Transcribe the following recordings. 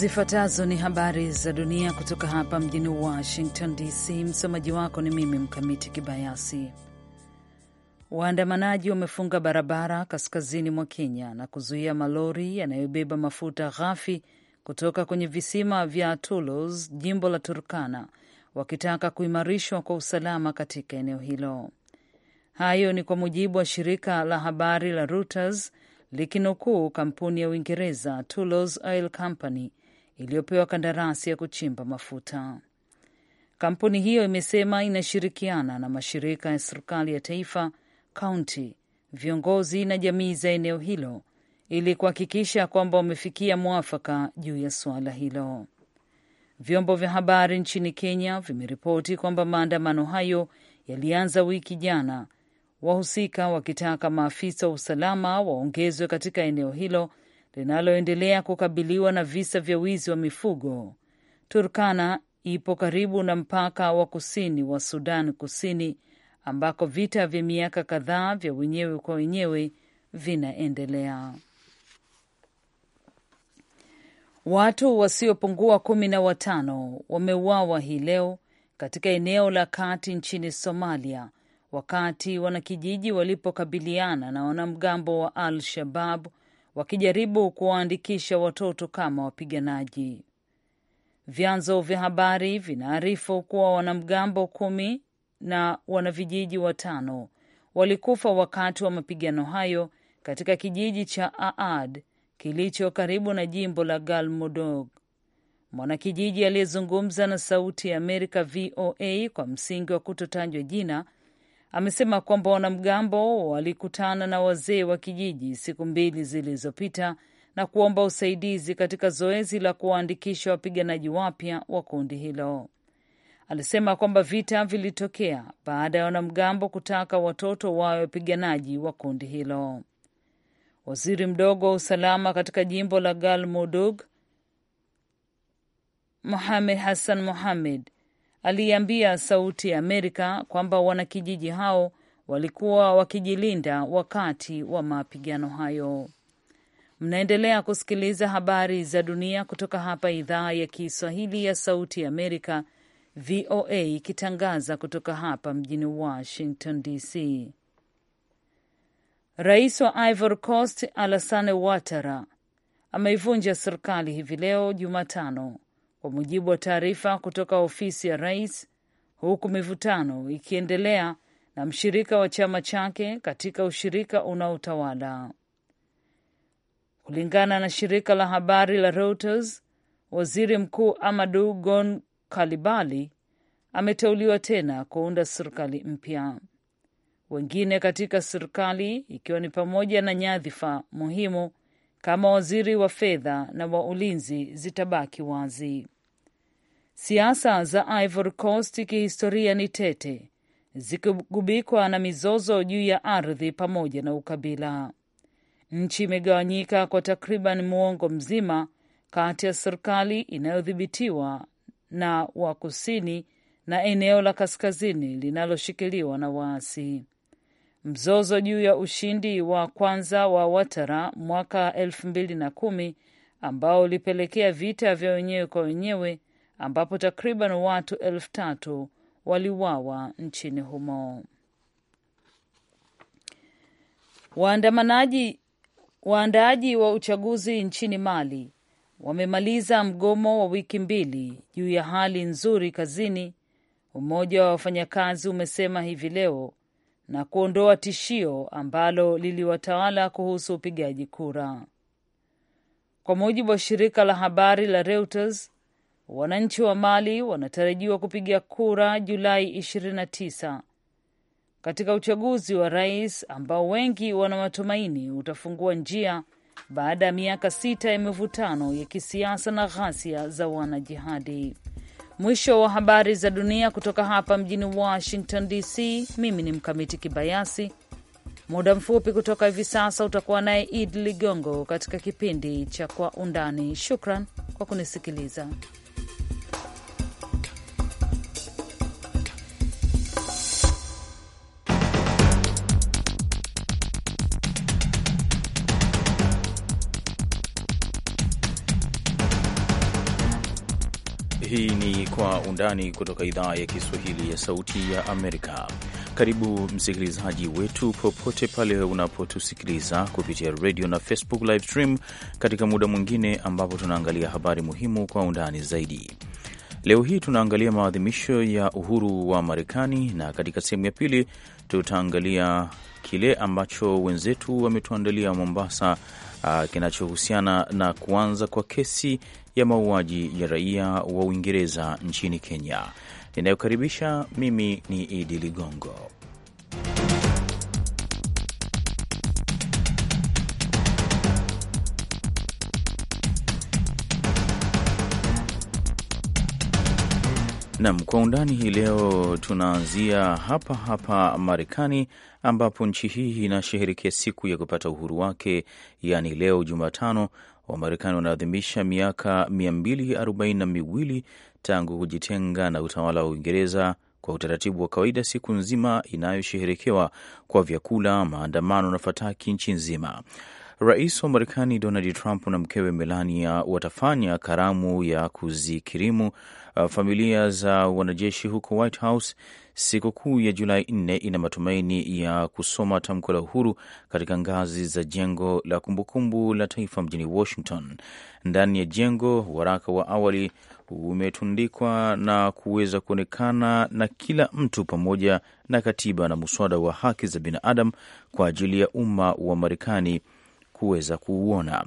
Zifuatazo ni habari za dunia kutoka hapa mjini Washington DC. Msomaji wako ni mimi Mkamiti Kibayasi. Waandamanaji wamefunga barabara kaskazini mwa Kenya na kuzuia malori yanayobeba mafuta ghafi kutoka kwenye visima vya Tulos, jimbo la Turkana, wakitaka kuimarishwa kwa usalama katika eneo hilo. Hayo ni kwa mujibu wa shirika la habari la Reuters likinukuu kampuni ya Uingereza Tulos Oil Company iliyopewa kandarasi ya kuchimba mafuta. Kampuni hiyo imesema inashirikiana na mashirika ya serikali ya taifa, kaunti, viongozi na jamii za eneo hilo ili kuhakikisha kwamba wamefikia mwafaka juu ya suala hilo. Vyombo vya habari nchini Kenya vimeripoti kwamba maandamano hayo yalianza wiki jana, wahusika wakitaka maafisa wa usalama waongezwe katika eneo hilo linaloendelea kukabiliwa na visa vya wizi wa mifugo. Turkana ipo karibu na mpaka wa kusini wa Sudan Kusini, ambako vita vya miaka kadhaa vya wenyewe kwa wenyewe vinaendelea. Watu wasiopungua kumi na watano wameuawa hii leo katika eneo la kati nchini Somalia wakati wanakijiji walipokabiliana na wanamgambo wa Al Shabab wakijaribu kuwaandikisha watoto kama wapiganaji. Vyanzo vya habari vinaarifu kuwa wanamgambo kumi na wanavijiji watano walikufa wakati wa mapigano hayo katika kijiji cha Aad kilicho karibu na jimbo la Galmudug. Mwanakijiji aliyezungumza na Sauti ya Amerika VOA kwa msingi wa kutotajwa jina amesema kwamba wanamgambo walikutana na wazee wa kijiji siku mbili zilizopita na kuomba usaidizi katika zoezi la kuwaandikisha wapiganaji wapya wa kundi hilo. Alisema kwamba vita vilitokea baada ya wanamgambo kutaka watoto wawe wapiganaji wa kundi hilo. Waziri mdogo wa usalama katika jimbo la Galmudug Mohamed Hassan Mohamed aliambia Sauti ya Amerika kwamba wanakijiji hao walikuwa wakijilinda wakati wa mapigano hayo. Mnaendelea kusikiliza habari za dunia kutoka hapa idhaa ya Kiswahili ya Sauti ya Amerika, VOA, ikitangaza kutoka hapa mjini Washington DC. Rais wa Ivory Coast Alassane Ouattara ameivunja serikali hivi leo Jumatano kwa mujibu wa taarifa kutoka ofisi ya rais, huku mivutano ikiendelea na mshirika wa chama chake katika ushirika unaotawala. Kulingana na shirika la habari la Reuters, waziri mkuu Amadu Gon Kalibali ameteuliwa tena kuunda serikali mpya. Wengine katika serikali, ikiwa ni pamoja na nyadhifa muhimu, kama waziri wa fedha na wa ulinzi zitabaki wazi. Siasa za Ivory Coast kihistoria ni tete, zikigubikwa na mizozo juu ya ardhi pamoja na ukabila. Nchi imegawanyika kwa takriban muongo mzima kati ya serikali inayodhibitiwa na wa kusini na eneo la kaskazini linaloshikiliwa na waasi. Mzozo juu ya ushindi wa kwanza wa watara mwaka elfu mbili na kumi ambao ulipelekea vita vya wenyewe kwa wenyewe ambapo takriban watu elfu tatu waliuawa nchini humo. Waandamanaji waandaaji wa uchaguzi nchini Mali wamemaliza mgomo wa wiki mbili juu ya hali nzuri kazini. Umoja wa wafanyakazi umesema hivi leo na kuondoa tishio ambalo liliwatawala kuhusu upigaji kura. Kwa mujibu wa shirika la habari la Reuters, wananchi wa Mali wanatarajiwa kupiga kura Julai 29 katika uchaguzi wa rais ambao wengi wana matumaini utafungua njia baada ya miaka sita ya mivutano ya kisiasa na ghasia za wanajihadi. Mwisho wa habari za dunia kutoka hapa mjini Washington DC. Mimi ni Mkamiti Kibayasi. Muda mfupi kutoka hivi sasa utakuwa naye Id Ligongo katika kipindi cha Kwa Undani. Shukran kwa kunisikiliza. Undani kutoka idhaa ya Kiswahili ya Sauti ya Amerika. Karibu msikilizaji wetu popote pale unapotusikiliza kupitia radio na Facebook live stream, katika muda mwingine ambapo tunaangalia habari muhimu kwa undani zaidi. Leo hii tunaangalia maadhimisho ya uhuru wa Marekani, na katika sehemu ya pili tutaangalia kile ambacho wenzetu wametuandalia Mombasa Ah, kinachohusiana na kuanza kwa kesi ya mauaji ya raia wa Uingereza nchini Kenya. Ninayokaribisha mimi ni Idi Ligongo. Nam kwa undani hii leo, tunaanzia hapa hapa Marekani, ambapo nchi hii inasheherekea siku ya kupata uhuru wake, yaani leo Jumatano Wamarekani wanaadhimisha miaka mia mbili arobaini na miwili tangu kujitenga na utawala wa Uingereza. Kwa utaratibu wa kawaida, siku nzima inayosheherekewa kwa vyakula, maandamano na fataki nchi nzima. Rais wa Marekani Donald Trump na mkewe Melania watafanya karamu ya kuzikirimu Uh, familia za wanajeshi huko White House. Sikukuu ya Julai nne ina matumaini ya kusoma tamko la uhuru katika ngazi za jengo la kumbukumbu la taifa mjini Washington. Ndani ya jengo, waraka wa awali umetundikwa na kuweza kuonekana na kila mtu, pamoja na katiba na muswada wa haki za binadamu kwa ajili ya umma wa Marekani kuweza kuuona.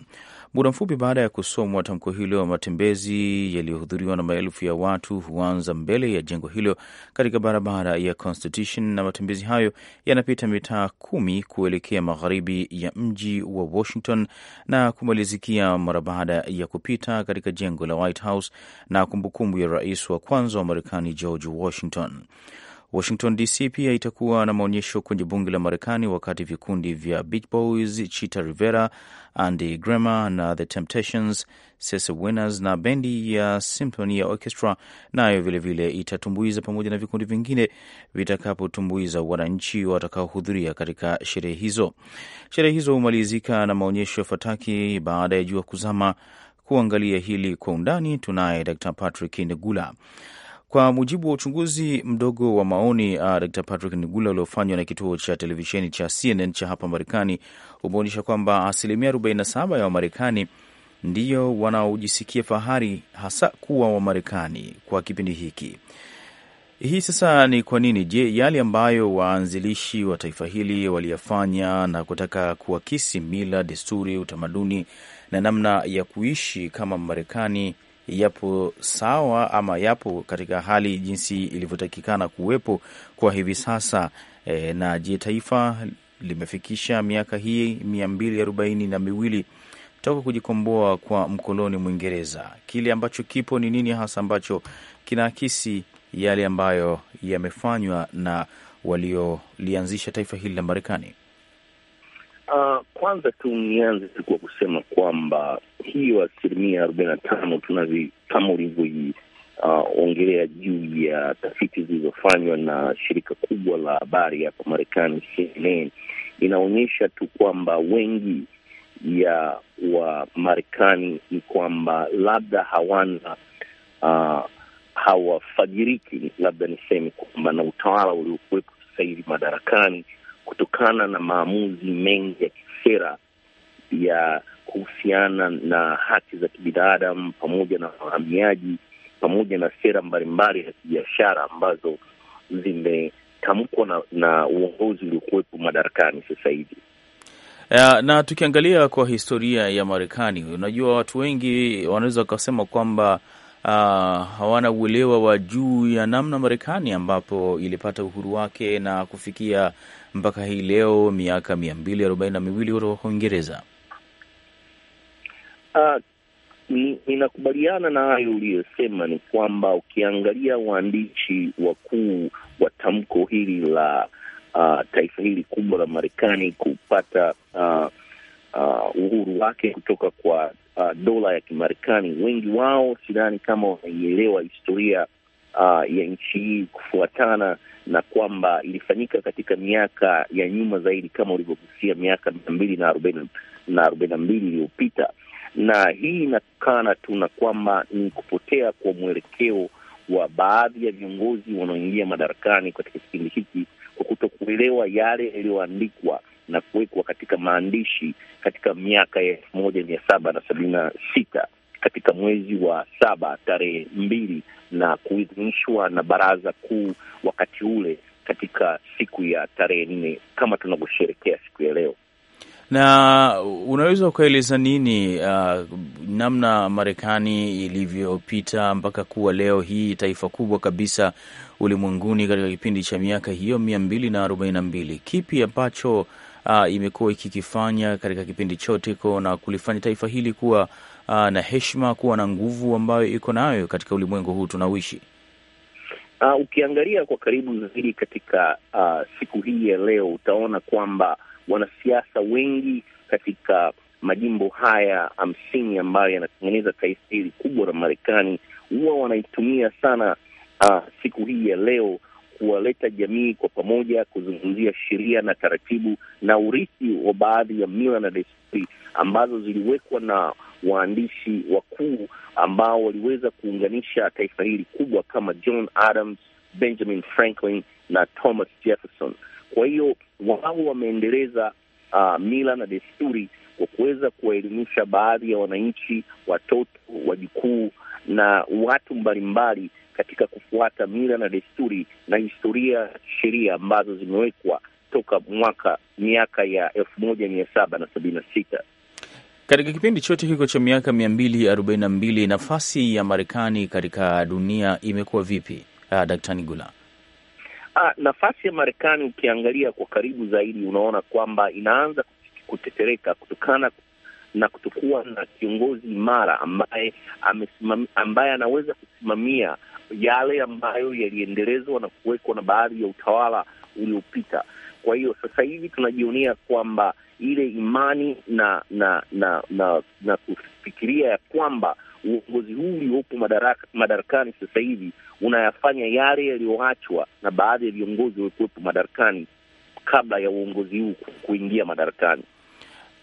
Muda mfupi baada ya kusomwa tamko hilo, matembezi yaliyohudhuriwa na maelfu ya watu huanza mbele ya jengo hilo katika barabara ya Constitution, na matembezi hayo yanapita mitaa kumi kuelekea magharibi ya mji wa Washington na kumalizikia mara baada ya kupita katika jengo la White House na kumbukumbu ya rais wa kwanza wa Marekani George Washington. Washington DC pia itakuwa na maonyesho kwenye bunge la Marekani, wakati vikundi vya Beach Boys, Chita Rivera, Andy Grammer na The Temptations, Sese Winners na bendi ya Symphony ya Orchestra nayo vilevile itatumbuiza pamoja na vikundi vingine vitakapotumbuiza wananchi watakaohudhuria katika sherehe hizo. Sherehe hizo humalizika na maonyesho ya fataki baada ya jua kuzama. Kuangalia hili kwa undani, tunaye Dr Patrick Negula. Kwa mujibu wa uchunguzi mdogo wa maoni uh, Dr Patrick Nigula uliofanywa na kituo cha televisheni cha CNN cha hapa Marekani umeonyesha kwamba asilimia 47 ya Wamarekani ndiyo wanaojisikia fahari hasa kuwa Wamarekani kwa kipindi hiki. Hii sasa ni kwa nini? Je, yale ambayo waanzilishi wa taifa hili waliyafanya na kutaka kuakisi mila, desturi, utamaduni na namna ya kuishi kama Marekani yapo sawa ama yapo katika hali jinsi ilivyotakikana kuwepo kwa hivi sasa e, na je, taifa limefikisha miaka hii mia mbili arobaini na miwili toka kujikomboa kwa mkoloni Mwingereza? Kile ambacho kipo ni nini hasa ambacho kinaakisi yale ambayo yamefanywa na waliolianzisha taifa hili la Marekani? Uh, kwanza tu nianze tu kwa kusema kwamba hiyo asilimia arobaini na tano tunazi kama ulivyoiongelea uh, juu ya tafiti zilizofanywa na shirika kubwa la habari hapa Marekani CNN inaonyesha tu kwamba wengi ya wa Marekani ni kwamba labda hawana uh, hawafajiriki labda niseme kwamba na utawala uliokuwepo sasa hivi madarakani kutokana na maamuzi mengi ya kisera ya kuhusiana na haki za kibinadamu pamoja na wahamiaji pamoja na sera mbalimbali za kibiashara ambazo zimetamkwa na, na uongozi uliokuwepo madarakani sasa hivi. Na tukiangalia kwa historia ya Marekani, unajua watu wengi wanaweza wakasema kwamba uh, hawana uelewa wa juu ya namna Marekani ambapo ilipata uhuru wake na kufikia mpaka hii leo miaka mia mbili arobaini na miwili kutoka kwa Uingereza. Uh, ninakubaliana na hayo uliyosema, ni kwamba ukiangalia waandishi wakuu wa tamko hili la uh, taifa hili kubwa la Marekani kupata uh, uh, uhuru wake kutoka kwa uh, dola ya Kimarekani. Wengi wao sidhani kama wanaielewa historia uh, ya nchi hii kufuatana na kwamba ilifanyika katika miaka ya nyuma zaidi, kama ulivyogusia, miaka mia mbili na arobaini na arobaini na mbili iliyopita, na hii inatokana tu na kwamba ni kupotea kwa mwelekeo wa baadhi ya viongozi wanaoingia madarakani katika kipindi hiki kwa kuto kuelewa yale yaliyoandikwa na kuwekwa katika maandishi katika miaka ya elfu moja mia saba na sabini na sita katika mwezi wa saba tarehe mbili na kuidhinishwa na Baraza Kuu wakati ule katika siku ya tarehe nne kama tunavyosherekea siku ya leo. Na unaweza ukaeleza nini uh, namna Marekani ilivyopita mpaka kuwa leo hii taifa kubwa kabisa ulimwenguni katika kipindi cha miaka hiyo mia mbili na arobaini na mbili kipi ambacho uh, imekuwa ikikifanya katika kipindi chote ko na kulifanya taifa hili kuwa uh, na heshima, kuwa na nguvu ambayo iko nayo katika ulimwengu huu tunaoishi. Uh, ukiangalia kwa karibu zaidi katika uh, siku hii ya leo utaona kwamba wanasiasa wengi katika majimbo haya hamsini ambayo yanatengeneza taifa hili kubwa la Marekani huwa wanaitumia sana uh, siku hii ya leo kuwaleta jamii kwa pamoja kuzungumzia sheria na taratibu na urithi wa baadhi ya mila na desturi ambazo ziliwekwa na waandishi wakuu ambao waliweza kuunganisha taifa hili kubwa kama John Adams, Benjamin Franklin na Thomas Jefferson. Kwa hiyo wao wameendeleza uh, mila na desturi kwa kuweza kuwaelimisha baadhi ya wananchi, watoto, wajukuu na watu mbalimbali katika kufuata mila na desturi na historia, sheria ambazo zimewekwa toka mwaka miaka ya elfu moja mia saba na sabini na sita. Katika kipindi chote hiko cha miaka mia mbili arobaini na mbili nafasi ya Marekani katika dunia imekuwa vipi, ah, Daktari Nigula? Ah, nafasi ya Marekani ukiangalia kwa karibu zaidi, unaona kwamba inaanza kutetereka kutokana na kutokuwa na kiongozi imara ambaye ambaye anaweza kusimamia yale ambayo yaliendelezwa na kuwekwa na baadhi ya utawala uliopita. Kwa hiyo sasa hivi tunajionea kwamba ile imani na na na na, na kufikiria ya kwamba uongozi huu uliopo madaraka, madarakani sasa hivi unayafanya yale yaliyoachwa na baadhi ya viongozi waliokuwepo madarakani kabla ya uongozi huu kuingia madarakani.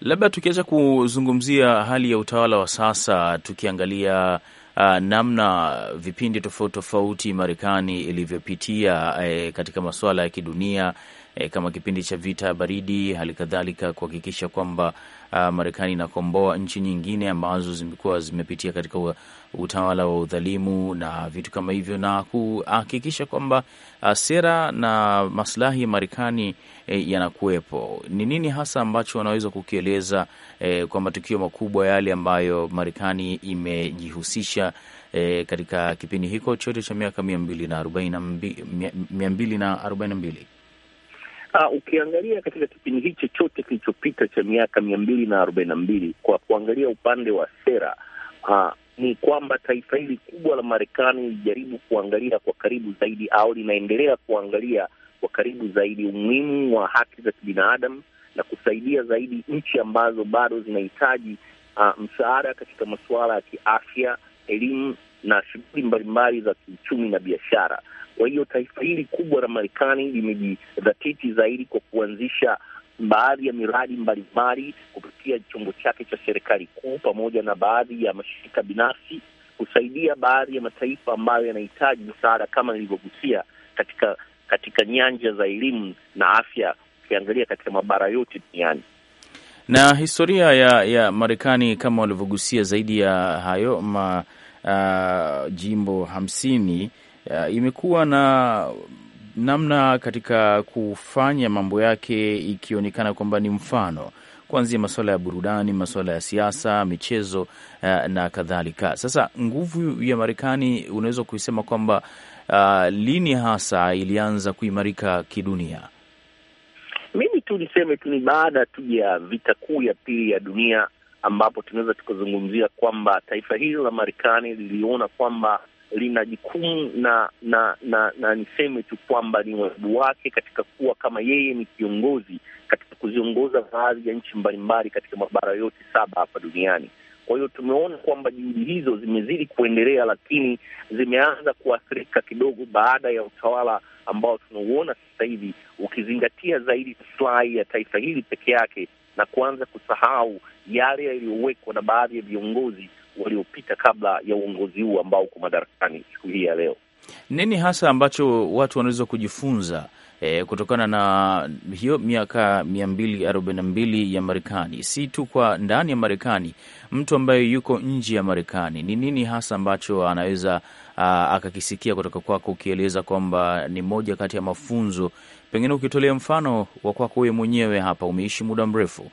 Labda tukiacha kuzungumzia hali ya utawala wa sasa, tukiangalia uh, namna vipindi tofauti tofauti Marekani ilivyopitia eh, katika masuala ya kidunia eh, kama kipindi cha vita baridi, hali kadhalika kuhakikisha kwamba uh, Marekani inakomboa nchi nyingine ambazo zimekuwa zimepitia katika utawala wa udhalimu na vitu kama hivyo, na kuhakikisha kwamba uh, sera na maslahi ya Marekani eh, yanakuwepo. Ni nini hasa ambacho wanaweza kukieleza eh, kwa matukio makubwa yale ambayo Marekani imejihusisha E, katika kipindi hiko chote cha miaka mia mbili na arobaini na mbili Uh, ukiangalia katika kipindi hicho chote kilichopita cha miaka mia mbili na arobaini na mbili kwa kuangalia upande wa sera uh, ni kwamba taifa hili kubwa la Marekani lilijaribu kuangalia kwa karibu zaidi au linaendelea kuangalia kwa karibu zaidi umuhimu wa haki za kibinadamu na kusaidia zaidi nchi ambazo bado zinahitaji uh, msaada katika masuala ya kiafya, elimu na shughuli mbalimbali za kiuchumi na biashara. Kwa hiyo taifa hili kubwa la Marekani limejidhatiti zaidi kwa kuanzisha baadhi ya miradi mbalimbali kupitia chombo chake cha serikali kuu pamoja na baadhi ya mashirika binafsi kusaidia baadhi ya mataifa ambayo yanahitaji msaada, kama nilivyogusia katika katika nyanja za elimu na afya, ukiangalia katika mabara yote duniani na historia ya, ya Marekani kama walivyogusia zaidi ya hayo ma, uh, jimbo hamsini uh, imekuwa na namna katika kufanya mambo yake ikionekana kwamba ni mfano kuanzia masuala ya burudani, masuala ya siasa, michezo eh, na kadhalika. Sasa nguvu ya Marekani unaweza kuisema kwamba uh, lini hasa ilianza kuimarika kidunia? Mimi tu niseme tu ni baada tu ya vita kuu ya pili ya dunia, ambapo tunaweza tukazungumzia kwamba taifa hili la Marekani liliona kwamba lina jukumu na na na, na niseme tu kwamba ni wajibu wake katika kuwa kama yeye ni kiongozi katika kuziongoza baadhi ya nchi mbalimbali katika mabara yote saba hapa duniani. Kwa hiyo tumeona kwamba juhudi hizo zimezidi kuendelea, lakini zimeanza kuathirika kidogo baada ya utawala ambao tunauona sasa hivi, ukizingatia zaidi maslahi ya taifa hili peke yake na kuanza kusahau yale yaliyowekwa na baadhi ya viongozi waliopita kabla ya uongozi huu ambao uko madarakani siku hii ya leo. Nini hasa ambacho watu wanaweza kujifunza eh, kutokana na hiyo miaka mia mbili arobaini na mbili ya Marekani, si tu kwa ndani ya Marekani, mtu ambaye yuko nje ya Marekani, ni nini hasa ambacho anaweza ah, akakisikia kutoka kwako, ukieleza kwamba ni moja kati ya mafunzo pengine ukitolea mfano wa kwako wewe mwenyewe hapa, umeishi muda mrefu.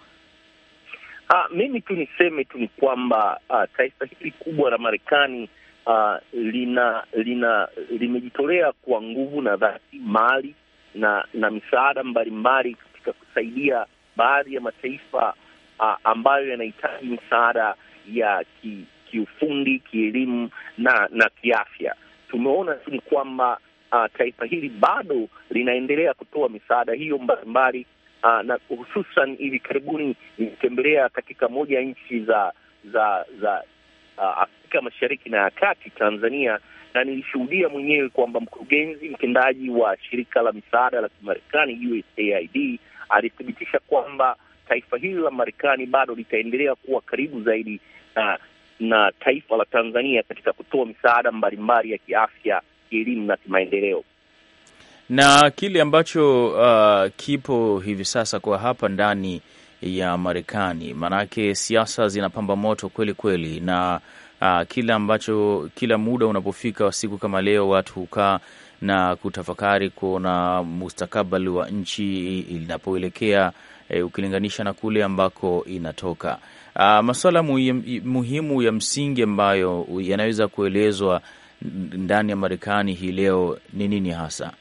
Ah, mimi tu niseme tu ni kwamba ah, taifa hili kubwa la Marekani ah, lina lina limejitolea kwa nguvu na dhati, mali na na misaada mbalimbali katika kusaidia baadhi ya mataifa ah, ambayo yanahitaji misaada ya ki, kiufundi, kielimu na na kiafya. Tumeona tu ni kwamba uh, taifa hili bado linaendelea kutoa misaada hiyo mbalimbali uh, na hususan hivi karibuni nilitembelea katika moja ya nchi za za za uh, Afrika Mashariki na ya Kati, Tanzania, na nilishuhudia mwenyewe kwamba mkurugenzi mtendaji wa shirika la misaada la Kimarekani USAID alithibitisha kwamba taifa hili la Marekani bado litaendelea kuwa karibu zaidi na uh, na taifa la Tanzania katika kutoa misaada mbalimbali ya kiafya kielimu na kimaendeleo. Na kile ambacho uh, kipo hivi sasa kwa hapa ndani ya Marekani, maanake siasa zinapamba moto kweli kweli, na uh, kile ambacho kila muda unapofika siku kama leo watu hukaa na kutafakari kuona mustakabali wa nchi inapoelekea, e, ukilinganisha na kule ambako inatoka. Uh, Masuala muhimu ya msingi ambayo yanaweza kuelezwa ndani ya Marekani hii leo ni nini hasa?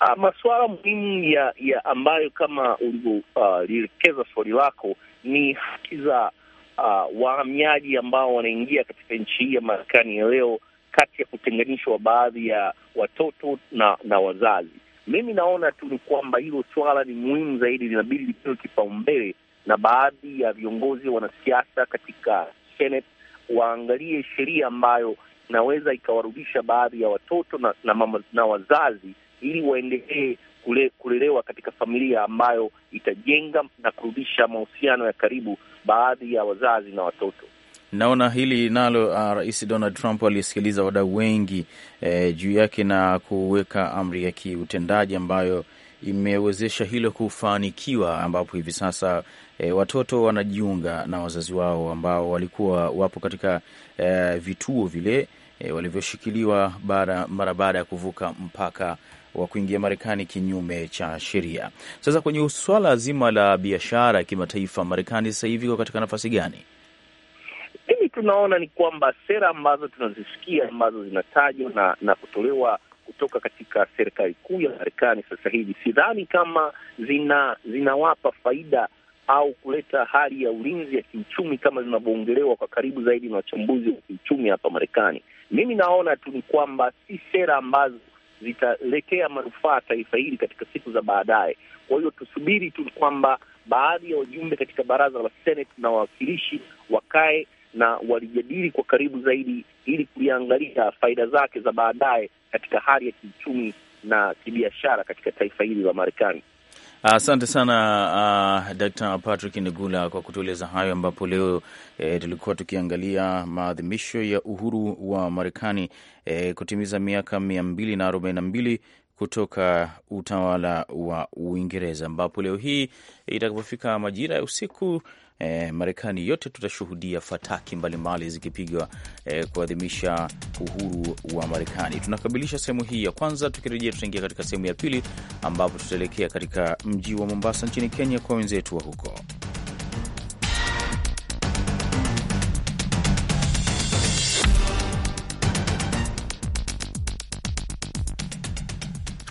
Uh, masuala muhimu ya, ya ambayo kama ulivyolielekeza uh, swali lako ni haki za uh, wahamiaji ambao wanaingia katika nchi hii ya Marekani ya leo, kati ya kutenganishwa baadhi ya watoto na na wazazi. Mimi naona tu ni kwamba hilo swala ni muhimu zaidi, linabidi lipewe kipaumbele na baadhi ya viongozi wanasiasa katika Senate waangalie sheria ambayo naweza ikawarudisha baadhi ya watoto na, na, mama, na wazazi ili waendelee kule, kulelewa katika familia ambayo itajenga na kurudisha mahusiano ya karibu baadhi ya wazazi na watoto. Naona hili nalo uh, Rais Donald Trump alisikiliza wadau wengi eh, juu yake na kuweka amri ya kiutendaji ambayo imewezesha hilo kufanikiwa, ambapo hivi sasa eh, watoto wanajiunga na wazazi wao ambao walikuwa wapo katika eh, vituo vile e, walivyoshikiliwa mara baada ya kuvuka mpaka wa kuingia Marekani kinyume cha sheria. Sasa kwenye swala zima la biashara ya kimataifa, Marekani sasa hivi iko katika nafasi gani? Mimi tunaona ni kwamba sera ambazo tunazisikia ambazo zinatajwa na, na kutolewa kutoka katika serikali kuu ya Marekani sasa hivi sidhani kama zina zinawapa faida au kuleta hali ya ulinzi ya kiuchumi kama zinavyoongelewa kwa karibu zaidi na wachambuzi wa kiuchumi hapa Marekani. Mimi naona tu ni kwamba si sera ambazo zitaletea manufaa taifa hili katika siku za baadaye. Kwa hiyo tusubiri tu kwamba baadhi ya wajumbe katika baraza la Senate na wawakilishi wakae na walijadili kwa karibu zaidi, ili kuliangalia faida zake za baadaye katika hali ya kiuchumi na kibiashara katika taifa hili la Marekani. Asante sana uh, Dr. Patrick Nigula kwa kutueleza hayo, ambapo leo eh, tulikuwa tukiangalia maadhimisho ya uhuru wa Marekani eh, kutimiza miaka mia mbili na arobaini na mbili kutoka utawala wa Uingereza, ambapo leo hii itakapofika majira ya usiku eh, Marekani yote tutashuhudia fataki mbalimbali zikipigwa eh, kuadhimisha uhuru wa Marekani. Tunakamilisha sehemu hii ya kwanza. Tukirejea tutaingia katika sehemu ya pili ambapo tutaelekea katika mji wa Mombasa nchini Kenya kwa wenzetu wa huko.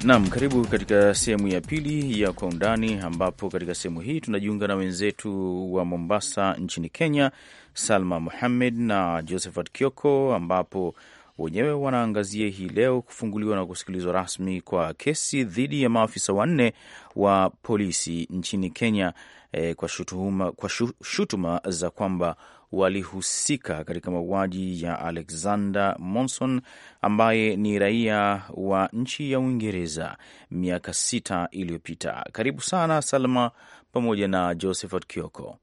Naam, karibu katika sehemu ya pili ya Kwa Undani, ambapo katika sehemu hii tunajiunga na wenzetu wa Mombasa nchini Kenya, Salma Muhammed na Josephat Kioko, ambapo wenyewe wanaangazia hii leo kufunguliwa na kusikilizwa rasmi kwa kesi dhidi ya maafisa wanne wa polisi nchini Kenya eh, kwa shutuma, kwa shutuma za kwamba walihusika katika mauaji ya Alexander Monson ambaye ni raia wa nchi ya Uingereza miaka sita iliyopita. Karibu sana Salma pamoja na Josephat Kioko.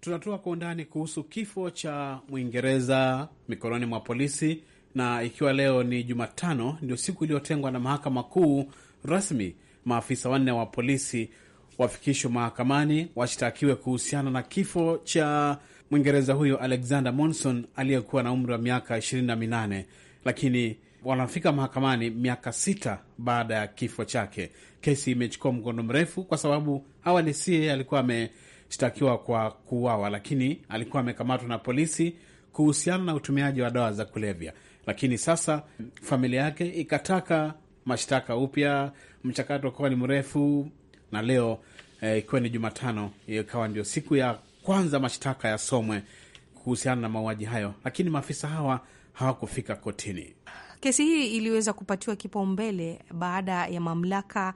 Tunatoa kwa undani kuhusu kifo cha Mwingereza mikononi mwa polisi na ikiwa leo ni Jumatano, ndio siku iliyotengwa na mahakama kuu rasmi, maafisa wanne wa polisi wafikishwe mahakamani washtakiwe kuhusiana na kifo cha Mwingereza huyo Alexander Monson aliyekuwa na umri wa miaka 28, lakini wanafika mahakamani miaka sita baada ya kifo chake. Kesi imechukua mkondo mrefu kwa sababu awali si yeye alikuwa ameshtakiwa kwa kuuawa, lakini alikuwa amekamatwa na polisi kuhusiana na utumiaji wa dawa za kulevya lakini sasa familia yake ikataka mashtaka upya, mchakato ukawa ni mrefu, na leo eh, ikiwa eh, ni Jumatano ikawa ndio siku ya kwanza mashtaka yasomwe kuhusiana na mauaji hayo, lakini maafisa hawa hawakufika kotini. Kesi hii iliweza kupatiwa kipaumbele baada ya mamlaka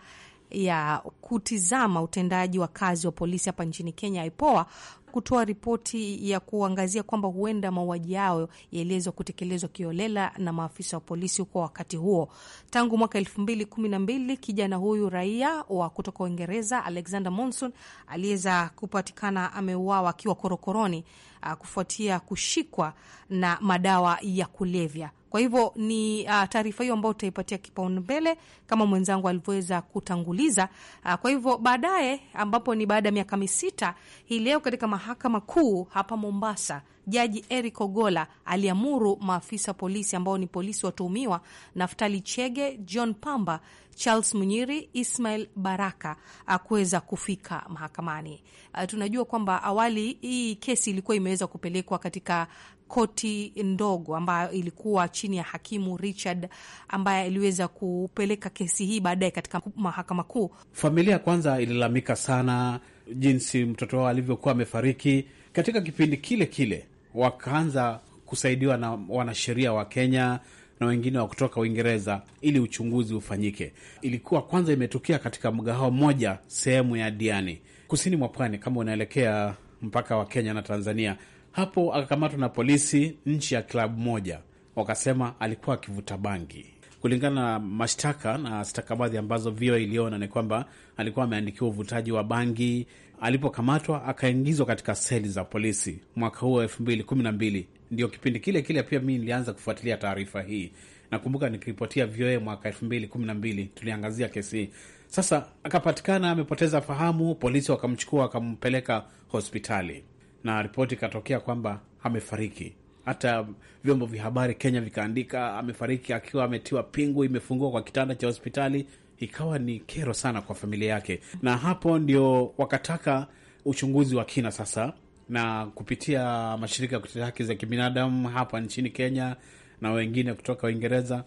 ya kutizama utendaji wa kazi wa polisi hapa nchini Kenya, IPOA, kutoa ripoti ya kuangazia kwamba huenda mauaji yao yaliweza kutekelezwa kiolela na maafisa wa polisi kwa wakati huo. Tangu mwaka elfu mbili kumi na mbili kijana huyu raia wa kutoka Uingereza Alexander Monson aliweza kupatikana ameuawa akiwa korokoroni ah, kufuatia kushikwa na madawa ya kulevya. Kwa hivyo ni uh, taarifa hiyo ambayo tutaipatia kipaumbele kama mwenzangu alivyoweza kutanguliza. Uh, kwa hivyo baadaye, ambapo ni baada ya miaka misita, hii leo katika mahakama kuu hapa Mombasa, Jaji Eric Ogola aliamuru maafisa polisi ambao ni polisi watuhumiwa Naftali Chege, John Pamba, Charles Munyiri, Ismail Baraka akuweza uh, kufika mahakamani. Uh, tunajua kwamba awali hii kesi ilikuwa imeweza kupelekwa katika koti ndogo ambayo ilikuwa chini ya hakimu Richard ambaye aliweza kupeleka kesi hii baadaye katika mahakama kuu. Familia kwanza ililalamika sana jinsi mtoto wao alivyokuwa amefariki. Katika kipindi kile kile wakaanza kusaidiwa na wanasheria wa Kenya na wengine wa kutoka Uingereza ili uchunguzi ufanyike. Ilikuwa kwanza imetokea katika mgahawa mmoja sehemu ya Diani, kusini mwa pwani, kama unaelekea mpaka wa Kenya na Tanzania hapo akakamatwa na polisi nchi ya klabu moja, wakasema alikuwa akivuta bangi. Kulingana na mashtaka na stakabadhi ambazo VOA iliona ni kwamba alikuwa ameandikiwa uvutaji wa bangi. Alipokamatwa akaingizwa katika seli za polisi mwaka huo elfu mbili kumi na mbili. Ndio kipindi kile kile pia mi nilianza kufuatilia taarifa hii. Nakumbuka nikiripotia VOA mwaka elfu mbili kumi na mbili tuliangazia kesi hii. Sasa akapatikana amepoteza fahamu, polisi wakamchukua wakampeleka hospitali na ripoti ikatokea kwamba amefariki. Hata vyombo vya habari Kenya vikaandika amefariki akiwa ametiwa pingu, imefungua kwa kitanda cha hospitali. Ikawa ni kero sana kwa familia yake, na hapo ndio wakataka uchunguzi wa kina sasa, na kupitia mashirika ya kutetea haki za kibinadamu hapa nchini Kenya na wengine kutoka Uingereza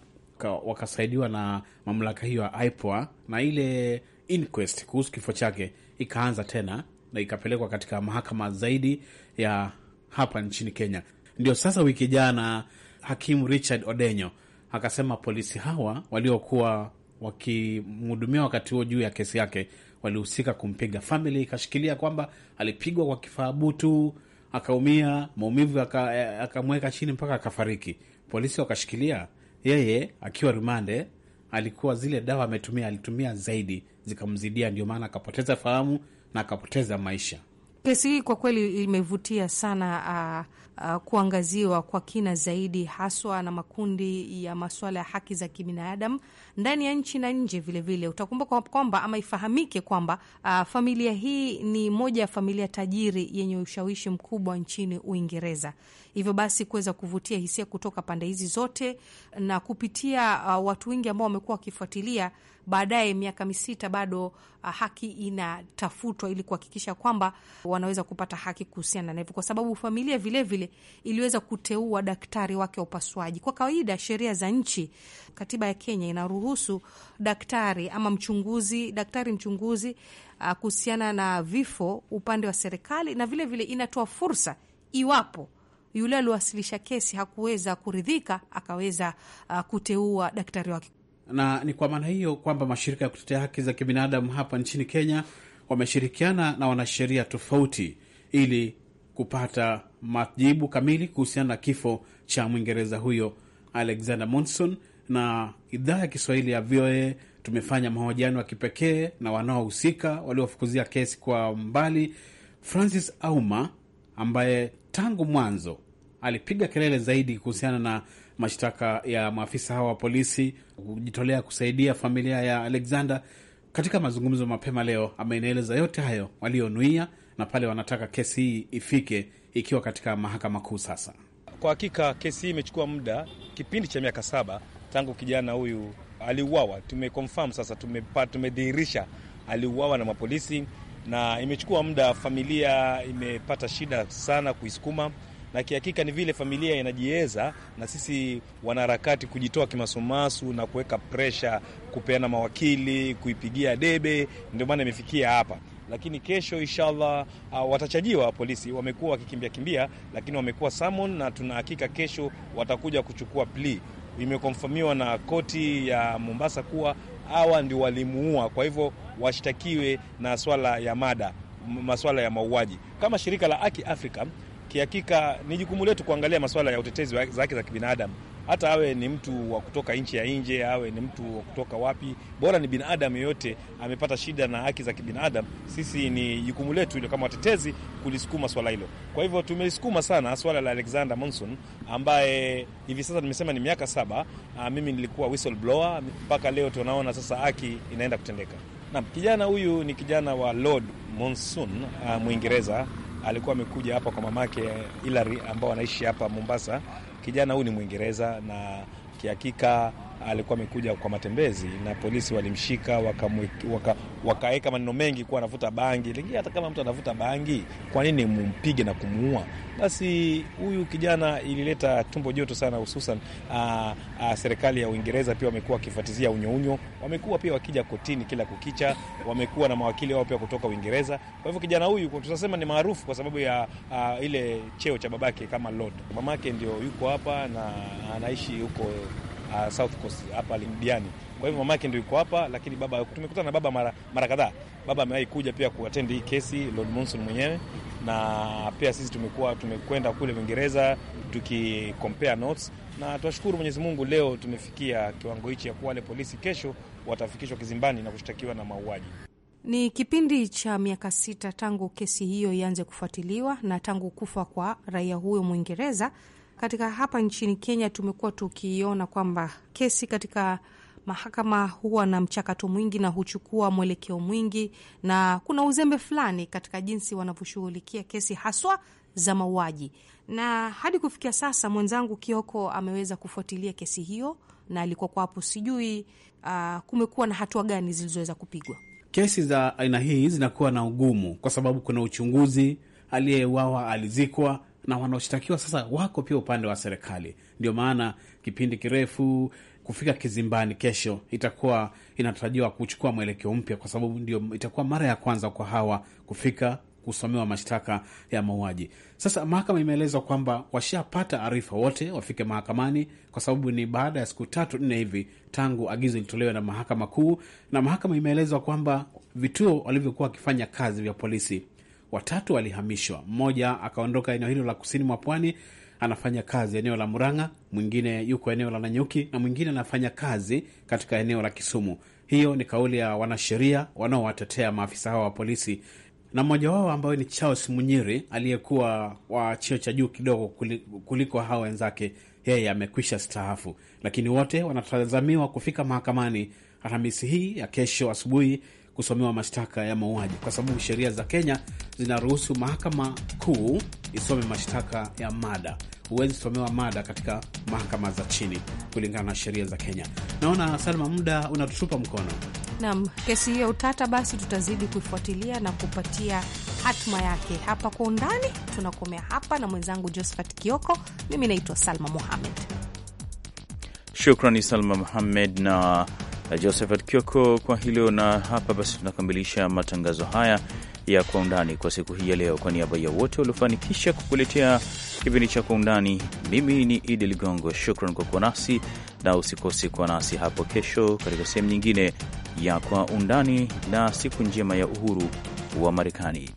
wakasaidiwa na mamlaka hiyo ya IPOA na ile inquest kuhusu kifo chake ikaanza tena na ikapelekwa katika mahakama zaidi ya hapa nchini Kenya. Ndio sasa wiki jana hakimu Richard Odenyo akasema polisi hawa waliokuwa wakimhudumia wakati huo juu ya kesi yake walihusika kumpiga. Famili ikashikilia kwamba alipigwa kwa kifaa butu, akaumia maumivu, akamweka chini mpaka akafariki. Polisi wakashikilia yeye akiwa rumande, alikuwa zile dawa ametumia, alitumia zaidi zikamzidia, ndio maana akapoteza fahamu na akapoteza maisha. Kesi hii kwa kweli imevutia sana uh, uh, kuangaziwa kwa kina zaidi, haswa na makundi ya masuala ya haki za kibinadamu ndani ya nchi na nje vilevile. Utakumbuka kwamba ama ifahamike kwamba uh, familia hii ni moja ya familia tajiri yenye ushawishi mkubwa nchini Uingereza, hivyo basi kuweza kuvutia hisia kutoka pande hizi zote na kupitia uh, watu wengi ambao wamekuwa wakifuatilia baadaye miaka misita bado uh, haki inatafutwa ili kuhakikisha kwamba wanaweza kupata haki kuhusiana na hivyo, kwa sababu familia vilevile vile iliweza kuteua daktari wake wa upasuaji. Kwa kawaida sheria za nchi katiba ya Kenya inaruhusu daktari ama mchunguzi, daktari mchunguzi uh, kuhusiana na vifo upande wa serikali, na vile vile inatoa fursa iwapo yule aliwasilisha kesi hakuweza kuridhika, akaweza uh, kuteua daktari wake. Na ni kwa maana hiyo kwamba mashirika ya kutetea haki za kibinadamu hapa nchini Kenya wameshirikiana na wanasheria tofauti ili kupata majibu kamili kuhusiana na kifo cha Mwingereza huyo Alexander Monson na idhaa ya Kiswahili ya VOA tumefanya mahojiano ya kipekee na wanaohusika waliofukuzia kesi kwa mbali. Francis Auma ambaye tangu mwanzo alipiga kelele zaidi kuhusiana na mashtaka ya maafisa hawa wa polisi kujitolea kusaidia familia ya Alexander. Katika mazungumzo mapema leo, ameneeleza yote hayo walionuia na pale wanataka kesi hii ifike ikiwa katika mahakama kuu. Sasa kwa hakika kesi hii imechukua muda, kipindi cha miaka saba tangu kijana huyu aliuawa. Tumeconfirm sasa, tumedhihirisha aliuawa na mapolisi, na imechukua muda, familia imepata shida sana kuisukuma na kihakika ni vile familia inajieza na sisi wanaharakati kujitoa kimasumasu na kuweka presha, kupeana mawakili, kuipigia debe, ndio maana imefikia hapa. Lakini kesho inshallah, uh, watachajiwa. Polisi wamekuwa wakikimbia kimbia, lakini wamekuwa samon, na tunahakika kesho watakuja kuchukua plea imekonfirmiwa na koti ya Mombasa kuwa hawa ndio walimuua, kwa hivyo washtakiwe na swala ya mada, maswala ya mauaji. Kama shirika la Aki Afrika, kihakika ni jukumu letu kuangalia maswala ya utetezi wa haki za kibinadamu hata awe ni mtu wa kutoka nchi ya nje, awe ni mtu wa kutoka wapi, bora ni binadamu yoyote amepata shida na haki za kibinadamu, sisi ni jukumu letu ile kama watetezi kulisukuma swala hilo. Kwa hivyo tumelisukuma sana swala la Alexander Monson ambaye hivi sasa nimesema ni miaka saba. A, ah, mimi nilikuwa whistleblower mpaka leo tunaona sasa haki inaenda kutendeka. Naam, kijana huyu ni kijana wa Lord Monson ah, Mwingereza alikuwa amekuja hapa kwa mamake Hilary ambao anaishi hapa Mombasa. Kijana huyu ni Mwingereza na kihakika alikuwa amekuja kwa matembezi na polisi walimshika wakaweka waka, waka maneno mengi kuwa anavuta bangi. Lakini hata kama mtu anavuta bangi, kwa nini mumpige na kumuua? Basi huyu kijana ilileta tumbo joto sana, hususan serikali ya Uingereza pia wamekuwa wakifuatizia unyounyo, wamekuwa pia wakija kotini kila kukicha, wamekuwa na mawakili wao pia kutoka Uingereza. Kwa hivyo kijana huyu tunasema ni maarufu kwa sababu ya a, ile cheo cha babake kama lord. Mamake ndio yuko hapa na anaishi huko uh, South Coast hapa Diani. Kwa hivyo mama yake ndio yuko hapa, lakini baba tumekutana na baba mara, mara kadhaa. Baba amewahi kuja pia kuattend hii kesi Lord Monson mwenyewe, na pia sisi tumekuwa tumekwenda kule Uingereza compare notes na tunashukuru Mwenyezi Mungu, leo tumefikia kiwango hichi ya kuwa wale polisi kesho watafikishwa kizimbani na kushtakiwa na mauaji. Ni kipindi cha miaka sita tangu kesi hiyo ianze kufuatiliwa na tangu kufa kwa raia huyo Mwingereza katika hapa nchini Kenya tumekuwa tukiona kwamba kesi katika mahakama huwa na mchakato mwingi na huchukua mwelekeo mwingi, na kuna uzembe fulani katika jinsi wanavyoshughulikia kesi haswa za mauaji. Na hadi kufikia sasa mwenzangu Kioko ameweza kufuatilia kesi hiyo na alikuwa kwapo. Sijui uh, kumekuwa na hatua gani zilizoweza kupigwa? Kesi za aina hii zinakuwa na ugumu kwa sababu kuna uchunguzi, aliyewawa alizikwa na wanaoshtakiwa sasa wako pia upande wa serikali. Ndio maana kipindi kirefu kufika kizimbani kesho itakuwa inatarajiwa kuchukua mwelekeo mpya, kwa sababu ndio itakuwa mara ya kwanza kwa hawa kufika kusomewa mashtaka ya mauaji. Sasa mahakama imeelezwa kwamba washapata arifa wote wafike mahakamani, kwa sababu ni baada ya siku tatu nne hivi tangu agizo ilitolewe na mahakama kuu. Na mahakama imeelezwa kwamba vituo walivyokuwa wakifanya kazi vya polisi watatu walihamishwa. Mmoja akaondoka eneo hilo la kusini mwa pwani, anafanya kazi eneo la Murang'a, mwingine yuko eneo la Nanyuki na mwingine anafanya kazi katika eneo la Kisumu. Hiyo ni kauli ya wanasheria wanaowatetea maafisa hao wa polisi na mmoja wao ambayo ni Charles Munyiri aliyekuwa wa cheo cha juu kidogo kuliko hao wenzake, yeye amekwisha staafu, lakini wote wanatazamiwa kufika mahakamani Alhamisi hii ya kesho asubuhi kusomewa mashtaka ya mauaji, kwa sababu sheria za Kenya zinaruhusu mahakama kuu isome mashtaka ya mada. Huwezi somewa mada katika mahakama za chini kulingana na sheria za Kenya. Naona Salma, muda unatutupa mkono. Naam, kesi hiyo utata, basi tutazidi kuifuatilia na kupatia hatima yake. Hapa kwa undani tunakomea hapa, na mwenzangu Josephat Kioko, mimi naitwa Salma Mohamed. Shukrani Salma Mohamed na Josephat Kioko kwa hilo. Na hapa basi tunakamilisha matangazo haya ya Kwa Undani kwa siku hii ya leo. Kwa niaba ya wote waliofanikisha kukuletea kipindi cha Kwa Undani, mimi ni Idi Ligongo. Shukran kwa kuwa nasi na usikose kuwa nasi hapo kesho katika sehemu nyingine ya Kwa Undani, na siku njema ya uhuru wa Marekani.